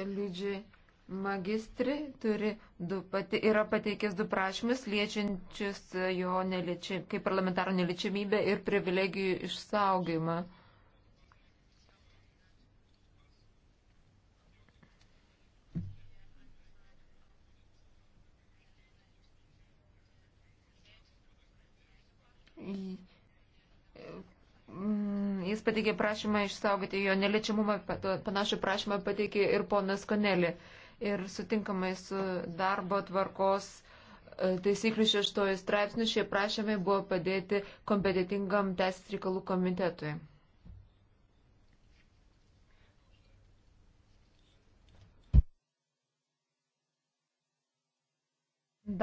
Liudži magistri turi du, pati, yra pateikęs du prašymus liečiančius jo neliečiamybę, kaip parlamentaro neliečiamybę ir privilegijų išsaugimą. Jis pateikė prašymą išsaugoti jo neliečiamumą, panašų prašymą pateikė ir ponas Konelį. Ir sutinkamai su darbo tvarkos e, taisyklių šeštojų straipsnių šie prašymai buvo padėti kompetitingam teisės reikalų komitetui.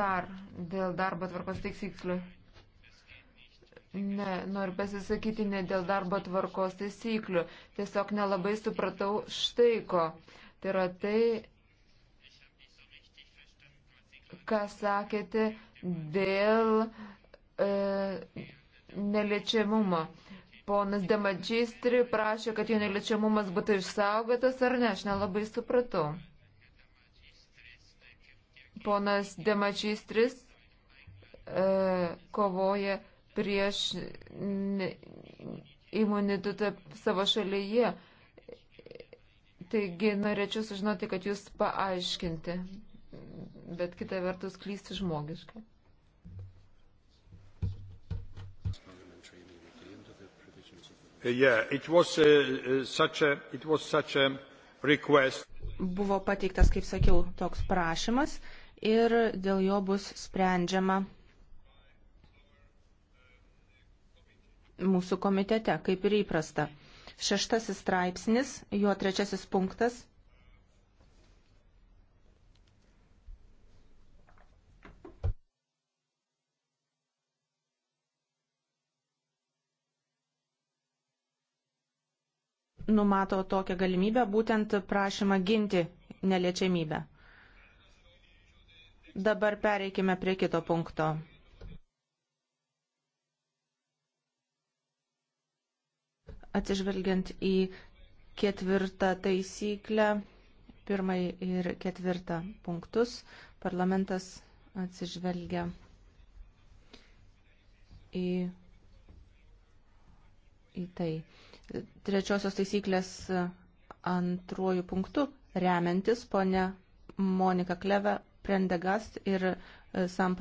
Dar dėl darbo tvarkos taisyklių. Ne, noriu pasisakyti ne dėl darbo tvarkos taisyklių. Tiesiog nelabai supratau štai ko. Tai yra tai, ką sakėte dėl e, neliečiamumo. Ponas Demačystri prašė, kad jo neliečiamumas būtų išsaugotas ar ne, aš nelabai supratau. Ponas Demačystris e, kovoja prieš imunitetą savo šalyje. Taigi norėčiau sužinoti, kad jūs paaiškinti, bet kitą vertus klysti žmogiškai. Uh, yeah, it was, uh, uh, such a, it was such a request. Buvo pateiktas, kaip sakiau, toks prašymas ir dėl jo bus sprendžiama mūsų komitete, kaip ir įprasta. Šeštasis straipsnis, jo trečiasis punktas. Numato tokią galimybę, būtent prašymą ginti neliečiamybę. Dabar pereikime prie kito punkto. atsižvelgiant į ketvirtą taisyklę, pirmąjį ir ketvirtą punktus, parlamentas atsižvelgia į, į tai. Trečiosios taisyklės antruoju punktu remiantis ponia Monika Kleve, Prendegast ir e, Sampro.